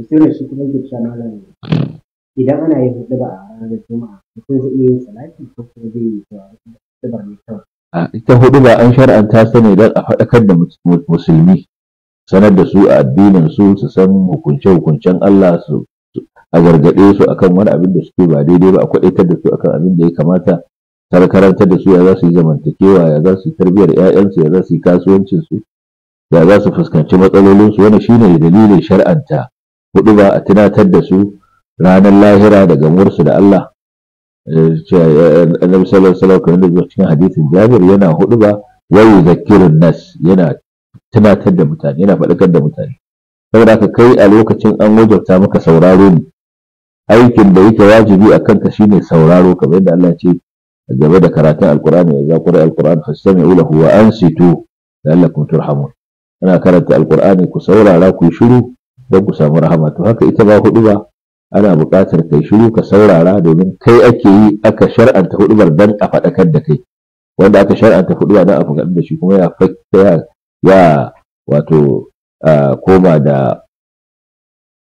shi kuma ke malam idan ana yin hudu ba a ranar juma'a mutum zai iya yin salati ko kuma zai yi hudu ba kawai ita hudu ba an shar'anta ta ne don a faɗakar da musulmi sanar da su a addinin su su san hukunce-hukuncen Allah su a gargaɗe su akan wani abin da suke ba daidai ba a kwaɗaitar da su akan abin da ya kamata karantar da su ya za su yi zamantakewa ya za su yi tarbiyyar ƴaƴansu, ya za su yi kasuwancinsu ya za su fuskanci matsalolinsu wani shine dalilin shar'anta hudu ba a tunatar da su ranar lahira da gamuwarsu da Allah eh, eh, annabi sallallahu alaihi wasallam da zuwa cikin hadisin Jabir yana hudu ba wai zakirun nas yana tunatar da mutane yana faɗakar da mutane saboda ka kai a lokacin an wajabta maka sauraro ne aikin da yake wajibi a kanka shine sauraro kamar yadda Allah ce game da karatun alkur'ani wa zaqura alkur'an fastami'u lahu wa ansitu la'allakum turhamun ana karanta alkur'ani ku saurara ku shiru don ku samu rahama to haka ita ba hudu ba ana buƙatar kai shiru ka saurara domin kai ake yi aka shar'anta hudubar dan a faɗakar da kai wanda aka shar'anta hudubar dan a faɗakar da shi kuma ya ya wato koma da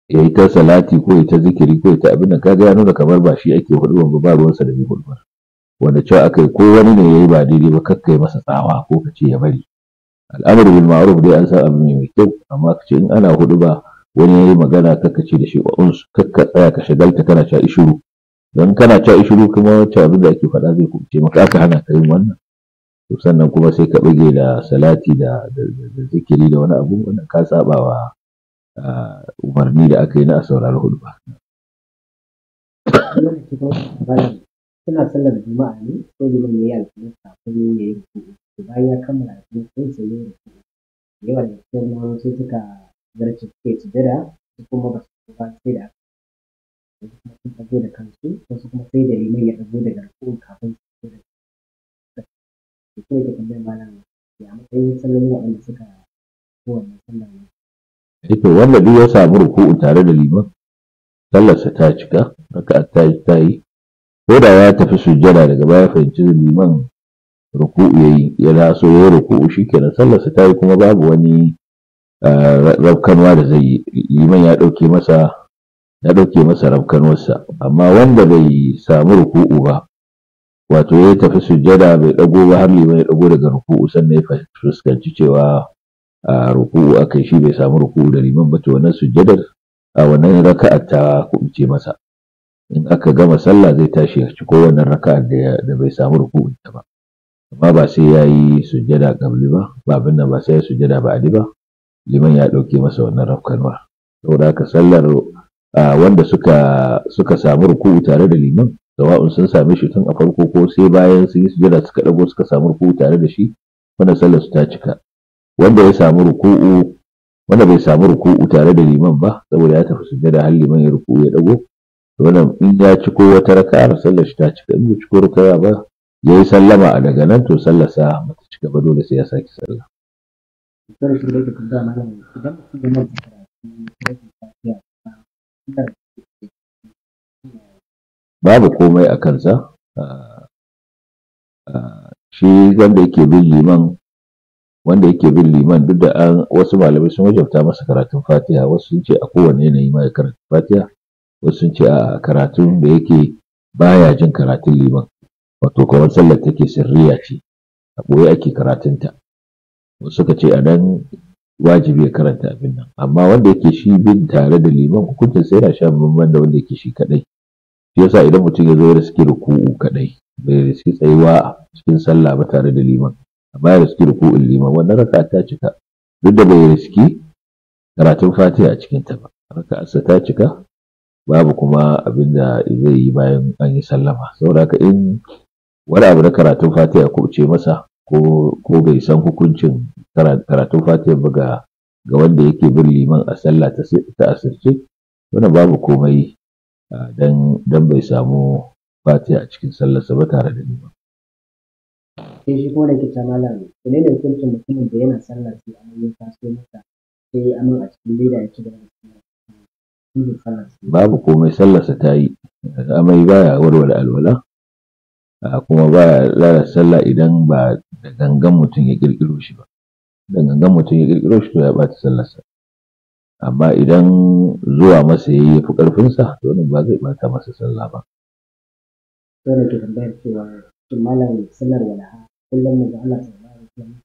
ya ta salati ko ya ta zikiri ko ya ta abin da kaga ya nuna kamar ba shi ake hudu ba ruwansa da bi hudu wanda cewa akai ko wani ne ya yi ba daidai ba kakkai masa tsawa ko ka ce ya bari al'amari bil ma'ruf dai an san abu ne mai kyau amma ka ce in ana hudu ba wani ya yi magana kakka ce da shi wa uns kakka tsaya ka shagalta kana cha ishuru don kana cha ishuru kuma wata abin da ake faɗa zai ce maka aka hana ka yin wannan sannan kuma sai ka buge da salati da zikiri da wani abu wannan ka saba wa umarni da aka yi na a saurari hudu ba. suna sallar juma'a ne ko liman ya yi ko kafin ya yi rukuku bayan ya kammala alƙalin sai su yi rukuku yawan da cikin nan sai suka zarce suke sujada su kuma ba su ba sai da wasu kuma sun ɗago da kansu wasu kuma sai da liman ya ɗago daga rukukun kafin su sujada to kawai ka tambayi malam ya matsayin sallolin waɗanda suka kowanne sallah ne. Eh to wanda duk ya samu ruku'u tare da liman sallarsa ta cika raka'a ta yi ta yi ko da ya tafi sujjada daga baya fahimci liman ruku'u yayi ya laso ya ruku'u shi shikenan sallarsa ta yi kuma babu wani eh, rabkanwa da zai yi liman ya ɗauke masa ya ɗauke masa rabkanwarsa amma wanda bai samu ruku'u ba wato ya tafi sujjada bai dago ba liman ya dago daga ruku'u sannan ya fuskanci cewa a ruku'u akai shi bai samu ruku'u da liman ba to wannan sujjadar a wannan raka'ar ta kubuce masa in aka gama sallah zai tashi ya ci wannan raka'ar da bai samu ruku'u ta ba amma ba sai ya yi sujjada gabli ba ba abin nan ba sai ya sujjada ba ba liman ya ɗauke masa wannan aka saboda haka sallar wanda suka samu ruku'u tare da liman sawa'un sun same shi tun a farko ko sai bayan sun yi sujada suka dago suka samu ruku'u tare da shi wanda sallar su ta cika wanda ya samu ruku'u wanda bai samu ruku'u tare da liman ba saboda ya tafi sujada har liman ya ruku'u ya dago wannan in ya ci ko wata raka'ar sallar shi ta cika in ci ciko raka'a ba ya yi sallama a daga nan to sallarsa mata cika ba dole sai ya sake sallah idan mutum yana karatu babu komai a kansa ah, ah, shi wanda yake bin liman wanda yake bin liman duk da an wasu malamai sun wajabta masa karatun fatiha wasu sun ce a kowane yanayi ma ya karanta fatiha wasu sun ce a karatun da yake baya jin karatun liman wato kamar sallar take sirriya ce a ɓoye ake karatunta wasu suka ce a nan wajibi ya karanta abin nan amma wanda yake shi bin tare da liman hukuncin sai yana sha bamban da wanda yake shi kadai yasa idan mutum ya zo ya riski ruku'u kadai bai riski tsayuwa cikin sallah ba tare da liman amma ya riski ruku'un liman wannan raka ta cika duk da bai riski karatun fatiha a cikin ta ba asa ta cika babu kuma abin da zai yi bayan an yi sallama saboda haka in wani abu na karatun fatiha ko ce masa ko bai san hukuncin karatun fatiha ba ga wanda yake bin liman a sallah ta asirce wannan babu komai Ah, dan dan bai samu fatiha a cikin sallarsa ba tare da ni ba sai eh, shi kuma da ke ta malam ne ne hukuncin mutumin da yana sallah sai amma ya taso masa sai amin a cikin leda ya ci gaba da babu komai sallarsa ta yi amai baya warware alwala kuma baya lalata sallah idan ba da gangan mutum ya kirkiro shi ba da gangan mutum ya kirkiro shi to ya bata sallarsa amma idan zuwa masa ya fi ƙarfinsa to ba zai bata masa sallah ba. bata ke tambayar cewa malam kullum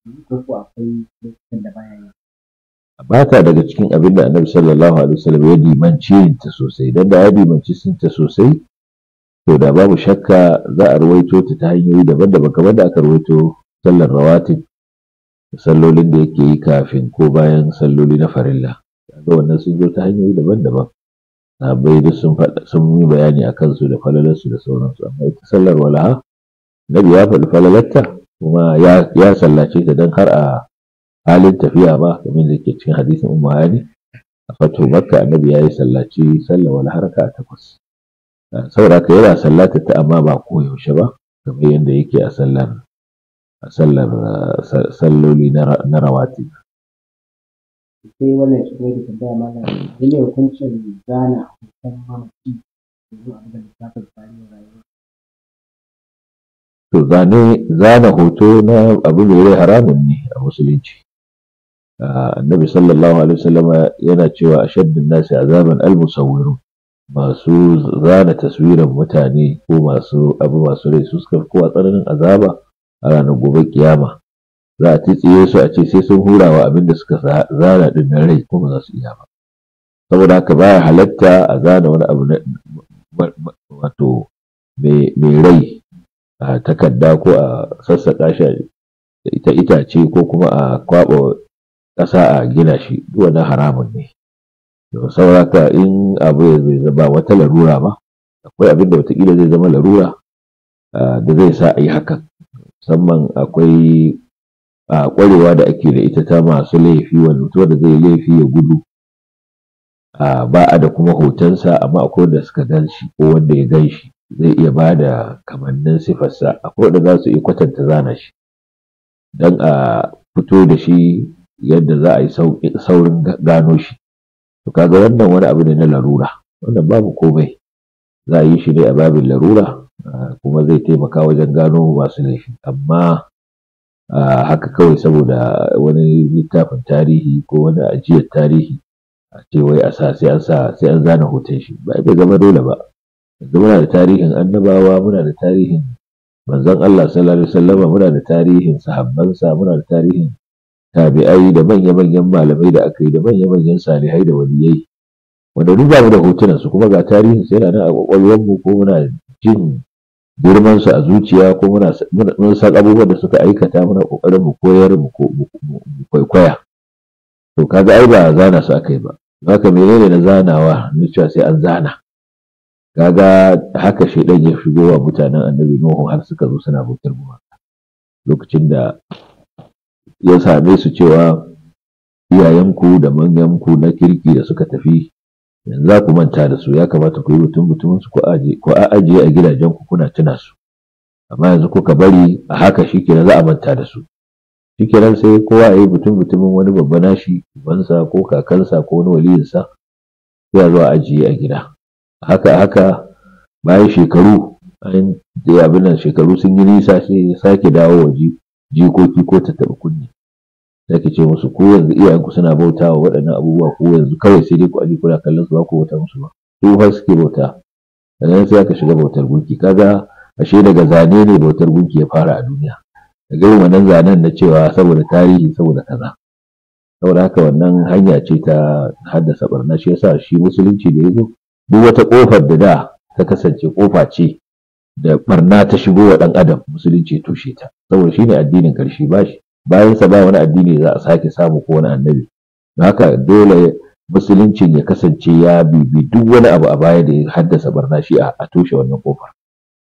mu ko akwai lokacin da baya yi. Ba daga cikin abin da Annabi sallallahu alaihi wasallam ya dimanci ta sosai dan da ya dimanci sun ta sosai to da babu shakka za a ruwaito ta ta hanyoyi daban-daban kamar da aka ruwaito sallar rawatib sallolin da yake yi kafin ko bayan salloli na farilla. ga wannan sun zo ta hanyoyi daban-daban sahabbai duk sun faɗa sun yi bayani a kansu da falalarsu da sauransu amma ita sallar walaha nabi ya faɗi falalarta kuma ya sallace ta don har a halin tafiya ba kamar da ke cikin hadisin umma hani a fato makka annabi ya yi sallaci sallar har ka takwas saboda ka yana sallata ta amma ba ko yaushe ba kamar yadda yake a sallar a sallar salloli na rawatib Sai wannan shi kuma yake tambaya malam mene ne hukuncin gane hoton mamaci domin a buga littafin tarihin rayuwarsa? To zane hoto na abin da haramun ne a musulunci. Annabi sallallahu alaihi wasallama yana cewa ashaddun nasi azaban al-musawwirun masu zana taswiran mutane ko masu abu masu rai su suka fi kowa tsananin azaba a ranar gobe kiyama za a titsiye su a ce sai sun hura wa abin da suka zana din na rai kuma za su iya ba saboda haka baya halatta a zana wani abu na wato mai rai a takarda ko a sassaƙa shi da ita itace ko kuma a kwaɓa ƙasa a gina shi wannan haramun ne saboda haka in abu zai zama wata larura ba akwai abin da watakila zai zama larura da zai sa a yi hakan musamman akwai a kwarewa da ake da ita ta masu laifi wanda da zai laifi ya gudu a ba a da kuma hotonsa amma akwai wanda suka gan shi ko wanda ya gan shi zai iya ba da kamannin sifarsa akwai wanda za su iya kwatanta zana shi don a fito da shi yadda za a yi saurin gano shi to kaga wannan wani abu ne na larura wannan babu komai za a yi shi ne a babin larura kuma zai taimaka wajen gano masu laifi amma haka kawai saboda wani littafin tarihi ko wani ajiyar tarihi a ce wai a sa sai an sa sai an zana hoton shi ba bai zama dole ba yanzu muna da tarihin annabawa muna da tarihin manzon Allah sallallahu alaihi wasallama muna da tarihin sahabbansa muna da tarihin tabi'ai da manya-manyan malamai da aka yi da manya-manyan salihai da waliyai wanda duk ba mu da hotunan su kuma ga tarihin sai yana nan a kwakwalwar mu ko muna jin girman su a zuciya ko muna mun san abubuwan da suka aikata muna kokarin mu koyar mu kwaikwaya to kaga ai ba zana su akai ba haka menene na zanawa na cewa sai an zana kaga haka shaidan ya shigo wa mutanen annabi nuhu har suka zo suna bautar mu lokacin da ya same su cewa iyayenku da manyanku na kirki da suka tafi yanzu za ku manta da su ya kamata ku yi mutum mutumin su ko a ajiye a gidajen ku kuna tuna su amma yanzu kuka bari a haka shi kenan za a manta da su kenan sai kowa ya yi mutum mutumin wani babba nashi bansa ko kakansa ko wani waliyinsa sai a zo a ajiye a gida haka haka bayan shekaru an je abin nan shekaru sun yi nisa sai sake dawo wa jikoki ko ta taɓa kunne sai ka ce musu ko yanzu iyayenku suna bauta wa waɗannan abubuwa ko yanzu kawai sai dai ku aji kuna kallon su ba ku bauta musu ba su har suke bauta daga sai aka shiga bautar gunki kaga ashe daga zane ne bautar gunki ya fara a duniya daga yin wannan zanen na cewa saboda tarihi saboda kaza saboda haka wannan hanya ce ta haddasa barna shi yasa shi musulunci da yazo duk wata kofar da da ta kasance kofa ce da barna ta shigo wa dan adam musulunci ya toshe ta saboda shine addinin karshe ba shi bayan sa ba wani addini za a sake samu ko wani annabi haka dole musuluncin ya kasance ya bibi duk wani abu a baya da ya haddasa barna shi a toshe wannan kofar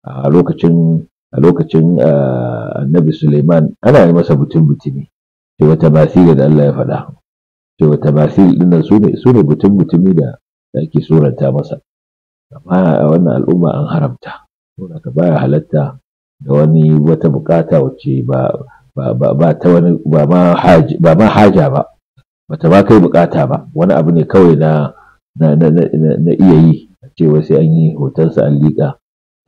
a lokacin a lokacin annabi Suleiman ana yi masa butun butumi ce wata basira da Allah ya faɗa ce wata basir din nan su ne butun butumi da ake suranta masa amma a wannan al'umma an haramta da ka baya halatta da wani wata bukata wacce ba ba ma haja ba ba ma kai bukata ba wani abu ne kawai na iya yi a cewa sai an yi hotonsa an liƙa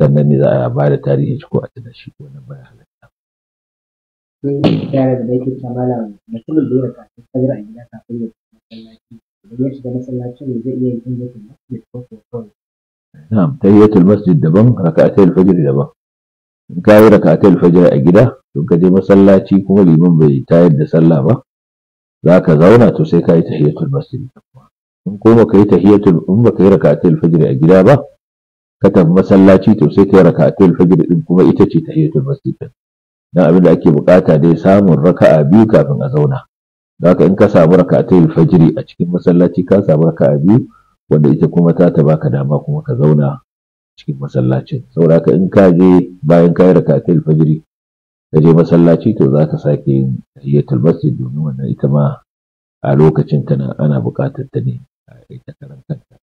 sannan ne za a ba da tarihi ko a tana shi wannan baya halatta. sai yaran da yake ta malam da ya kafin kajar a gida kafin ya masallaci idan ya shiga masallacin ne zai iya yin tayyatul masjid ko kawai. na'am tayyatul masjid daban raka'atul fajr daban in ka yi raka'atul fajr a gida to ka je masallaci kuma liman bai tayar da sallah ba za ka zauna to sai ka yi tahiyatul masjid in ko baka yi tahiyatul in ka yi rakatul fajr a gida ba ka tafi masallaci to sai ka yi rakatul fajr din kuma ita ce tahiyatul masjid din dan abin da ake bukata dai samun raka'a biyu kafin a zauna haka in ka samu rakatul fajiri a cikin masallaci ka samu raka'a biyu wanda ita kuma ta ta baka dama kuma ka zauna cikin masallacin saboda haka in ka je bayan ka yi rakatul fajr ka je masallaci to za ka sake yin tahiyyatul masjid domin wannan ita ma a lokacin tana ana buƙatar ta ne a ita karan kanta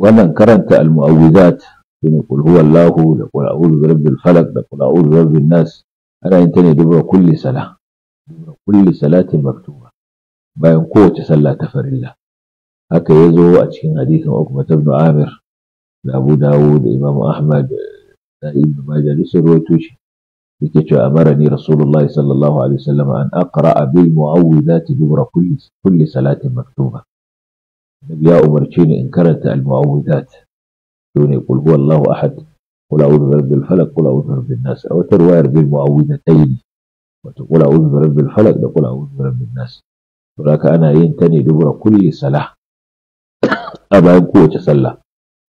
wannan karanta al-mu'awwidat shine qul huwallahu da qul a'udhu birabbil falaq da qul a'udhu birabbin nas ana yin ta ne dubra kulli sala dubra kulli salatin maktuba bayan kowace sallah ta farilla haka ya zo a cikin hadisin Uqbah ibn Amir da Abu da Imam Ahmad da Ibn Majah sun rawaito shi yake cewa amarani Rasulullah sallallahu alaihi wasallam an aqra'a bil mu'awwidhati dubra kulli kulli salatin maktuba Nabi ya umarce ni in karanta al-mu'awwidhat sune qul huwallahu ahad qul a'udhu bi rabbil falaq qul a'udhu bi rabbin nas a wata riwayar bil mu'awwidatayn wato qul a'udhu bi rabbil falaq da qul a'udhu bi rabbin nas to haka ana yin ta ne dubura kulli sala a bayan kowace sallah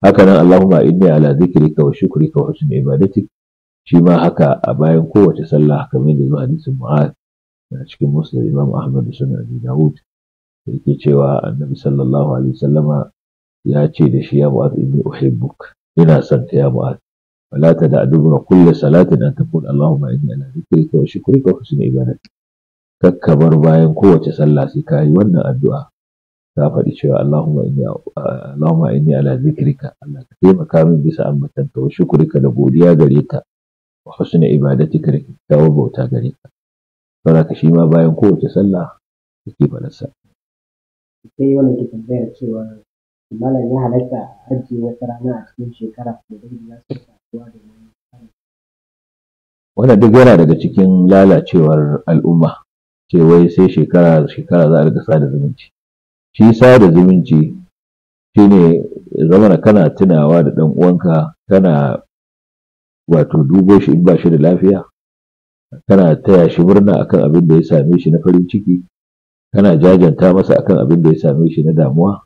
haka nan Allahumma inni ala dhikrika wa shukrika wa shi ma haka a bayan kowace sallah kamar da hadisin a cikin musnad Imam Ahmad da sunan Abi Dawud yake cewa annabi sallallahu alaihi wasallama ya ce da shi ya mu'az inni uhibbuk ina son ya mu'az ولا تدع دبر كل صلاة أن تقول اللهم إني على ذكرك وشكرك وحسن عبادتك kakkabar bayan kowace sallah sai ka wannan addu'a ta faɗi cewa Allahumma inni Allahumma ala zikrika Allah ka taimaka min bisa ambatanka wa shukurika da godiya gare ka wa husna ibadatika da kyakkyawar bauta gare ka ka bayan kowace sallah yake sai wani ke tambayar cewa malam ya halatta ajiye wata rana a cikin shekara da ya wannan duk yana daga cikin lalacewar al'umma ce wai sai shekara shekara za a riga sada zumunci shi sada zumunci shine zamana kana tunawa da ɗan uwanka kana wato dubo shi in ba shi da lafiya kana taya shi murna akan abin da ya same shi na farin ciki kana jajanta masa akan abin da ya same shi na damuwa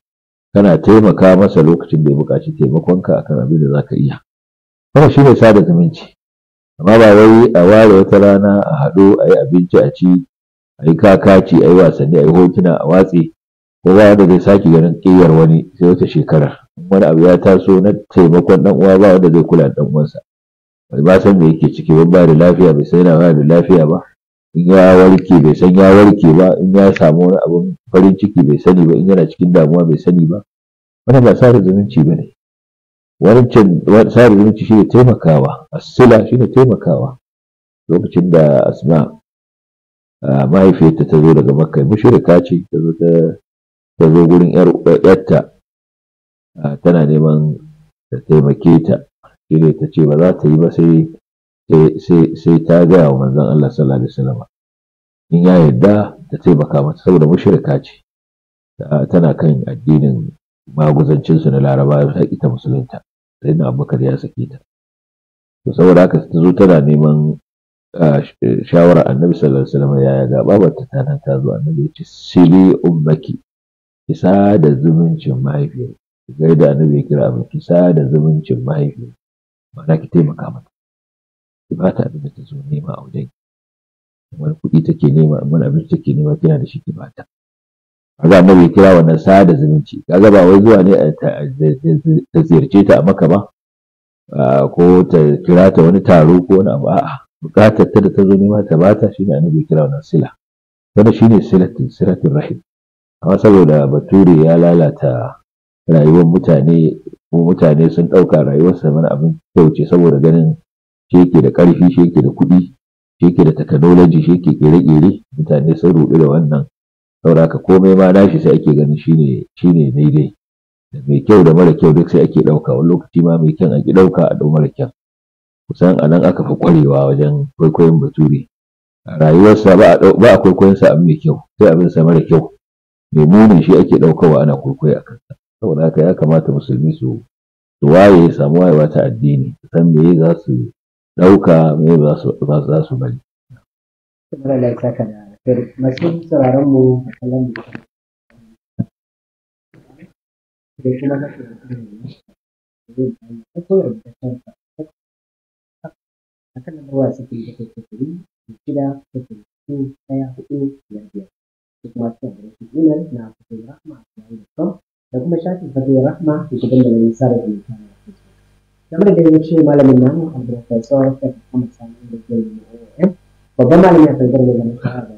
kana taimaka masa lokacin da ya buƙaci taimakonka akan abin da za ka iya wannan shi ne sada zumunci amma ba wai a ware wata rana a haɗo, a yi abinci a ci a yi kakaci a yi wasanni a yi hotuna a watse ko ba wanda zai sake ganin ƙiyar wani sai wata shekara wani abu ya taso na taimakon ɗan uwa ba wanda zai kula da ɗan uwansa bai ba san me yake ciki ban ba da lafiya bai san yana da lafiya ba in ya warke bai san ya warke ba in ya samu wani abun farin ciki bai sani ba in yana cikin damuwa bai sani ba wannan ba sada zumunci ba ne wancan sari zumunci shi ne taimakawa asila shi ne taimakawa lokacin da asma mahaifiyarta ta zo daga makka mushirika ce ta zo ta zo gurin yarta tana neman ta taimake ta shi ne ta ce ba za ta yi ba sai ta gaya wa manzan Allah sallallahu alaihi wasallam in ya yarda ta taimaka mata saboda mushirika ce tana kan addinin maguzancinsu na laraba ta ita musulunta sai na abubakar ya saki ta to saboda haka ta zo tana neman shawara. annabi sallallahu alaihi wasallam yaya ga babar ta nan ta zo annabi ya ce sili ummaki isa da zumuncin mahaifiyar gai da annabi ya kira abin isa da zumuncin mahaifiyar mana ki taimaka mata ki ba ta abin da ta zo nema a wajen wani kuɗi take nema abin take nema kina da shi ki ba ta za a ya kira wannan da zumunci kaga ba wai zuwa ne ta ziyarce ta a maka ba ko ta kira ta wani taro ko wani abu a'a bukatar ta da ta zo nema ta bata ne annabi ya kira wannan sila wannan shine silatin silatin rahim amma saboda bature ya lalata rayuwar mutane ko mutane sun ɗauka rayuwarsa mana abin kyauce saboda ganin shi yake da karfi shi yake da kuɗi shi yake da technology shi yake ƙere-ƙere mutane sun rudu da wannan saboda haka komai ma nashi sai ake ganin shine shine daidai da mai kyau da mara kyau duk sai ake ɗauka wani lokaci ma mai kyan ake dauka ɗauka a ɗau mara kyan kusan a nan aka fi ƙwarewa wajen kwaikwayon bature a rayuwarsa ba a kwaikwayon sa abin mai kyau sai abin sa mara kyau mai muni shi ake ɗaukawa ana kwaikwayo a kansa saboda haka ya kamata musulmi su su waye samu wayewa ta addini su san me za su ɗauka me za su bari. Terima kasih. mu kallon a